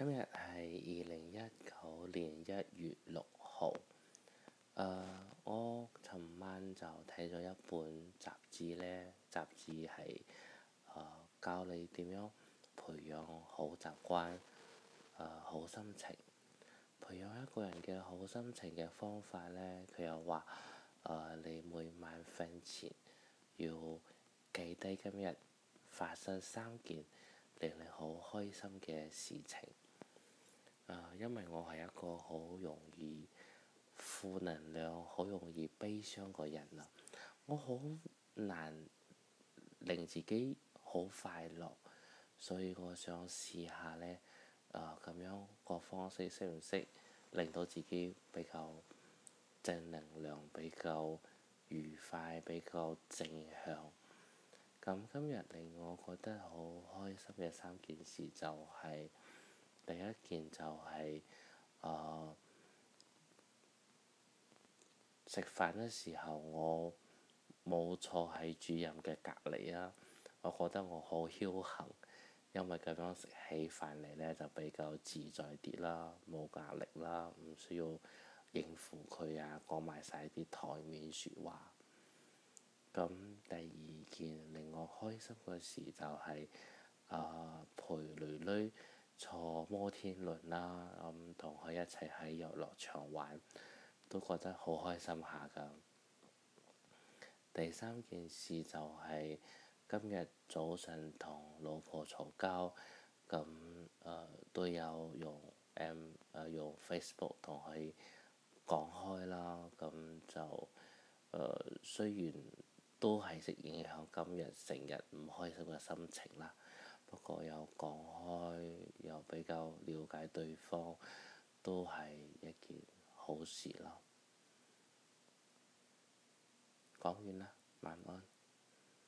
今日係二零一九年一月六號。呃，我尋晚就睇咗一本雜誌咧，雜誌係、呃、教你點樣培養好習慣、呃，好心情。培養一個人嘅好心情嘅方法咧，佢又話、呃、你每晚瞓前要記低今日發生三件令你好開心嘅事情。因為我係一個好容易負能量、好容易悲傷嘅人啊，我好難令自己好快樂。所以我想試下咧，呃，咁樣個方式識唔識令到自己比較正能量、比較愉快、比較正向。咁今日令我覺得好開心嘅三件事就係、是。第一件就係誒食飯嘅時候，我冇坐喺主任嘅隔離啦，我覺得我好僥倖，因為咁樣食起飯嚟咧就比較自在啲啦，冇壓力啦，唔需要應付佢啊，講埋晒啲台面説話。咁、嗯、第二件令我開心嘅事就係、是、誒、呃、陪女女。坐摩天輪啦，咁同佢一齊喺遊樂場玩，都覺得好開心下噶。第三件事就係、是、今日早上同老婆嘈交，咁、嗯、誒、呃、都有用 M 誒、呃、用 Facebook 同佢講開啦，咁、嗯、就誒、呃、雖然都係識影響今日成日唔開心嘅心情啦，不過。講開，又比較了解對方，都係一件好事啦。講完啦，晚安。